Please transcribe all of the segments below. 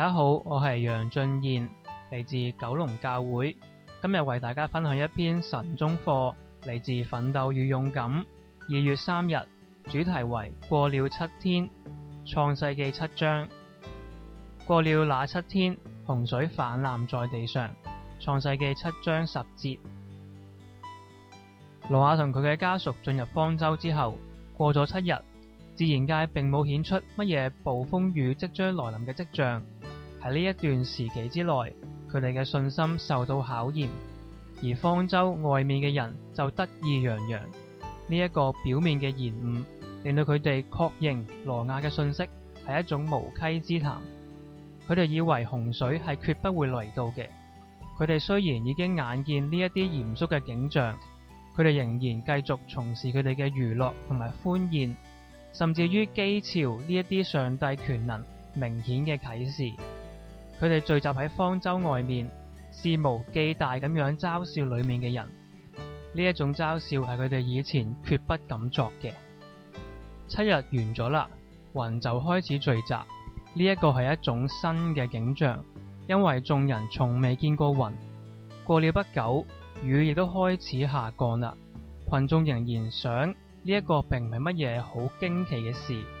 大家好，我係楊俊彥，嚟自九龍教會。今日為大家分享一篇神中課，嚟自《奮鬥與勇敢》，二月三日，主題為過了七天，創世記七章。過了那七天，洪水泛濫在地上。創世記七章十節，羅亞同佢嘅家屬進入方舟之後，過咗七日，自然界並冇顯出乜嘢暴風雨即將來臨嘅跡象。喺呢一段時期之內，佢哋嘅信心受到考驗，而方舟外面嘅人就得意洋洋。呢、這、一個表面嘅延誤令到佢哋確認挪亞嘅信息係一種無稽之談。佢哋以為洪水係決不會嚟到嘅。佢哋雖然已經眼見呢一啲嚴肅嘅景象，佢哋仍然繼續從事佢哋嘅娛樂同埋歡宴，甚至於譏嘲呢一啲上帝權能明顯嘅啟示。佢哋聚集喺方舟外面，肆無忌憚咁樣嘲笑裏面嘅人。呢一種嘲笑係佢哋以前決不敢作嘅。七日完咗啦，雲就開始聚集。呢一個係一種新嘅景象，因為眾人從未見過雲。過了不久，雨亦都開始下降啦。群眾仍然想，呢一個並唔係乜嘢好驚奇嘅事。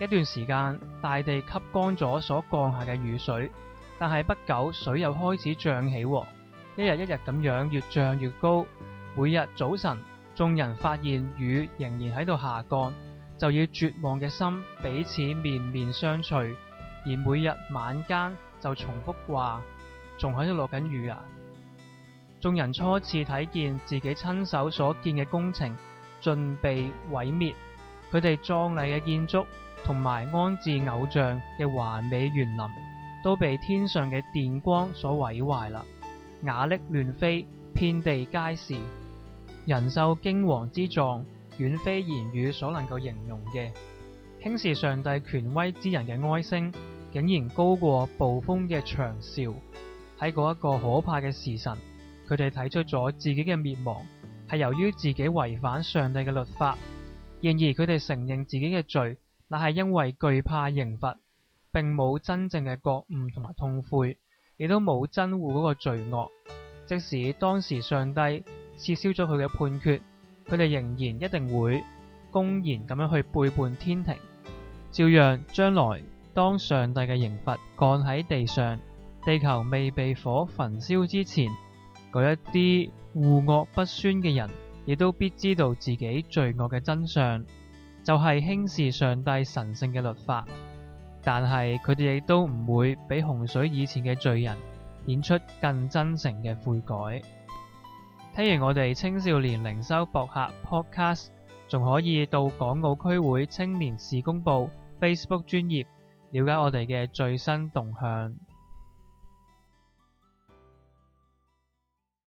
一段時間，大地吸乾咗所降下嘅雨水，但係不久水又開始漲起，一日一日咁樣越漲越高。每日早晨，眾人發現雨仍然喺度下降，就以絕望嘅心彼此面面相覷。而每日晚間就重複話仲喺度落緊雨啊！眾人初次睇見自己親手所建嘅工程盡被毀滅，佢哋壯麗嘅建築。同埋安置偶像嘅華美園林，都被天上嘅電光所毀壞啦。瓦礫亂飛，遍地皆是，人獸驚惶之狀，遠非言語所能夠形容嘅。輕視上帝權威之人嘅哀聲，竟然高過暴風嘅長嘯。喺嗰一個可怕嘅時辰，佢哋睇出咗自己嘅滅亡係由於自己違反上帝嘅律法，然而佢哋承認自己嘅罪。那係因為懼怕刑罰，並冇真正嘅覺悟同埋痛悔，亦都冇憎惡嗰個罪惡。即使當時上帝撤銷咗佢嘅判決，佢哋仍然一定會公然咁樣去背叛天庭，照樣將來當上帝嘅刑罰降喺地上，地球未被火焚燒之前，嗰一啲怙惡不悛嘅人，亦都必知道自己罪惡嘅真相。就係輕視上帝神聖嘅律法，但係佢哋亦都唔會比洪水以前嘅罪人演出更真誠嘅悔改。聽完我哋青少年靈修博客 Podcast，仲可以到港澳區會青年事工部 Facebook 專頁，了解我哋嘅最新動向。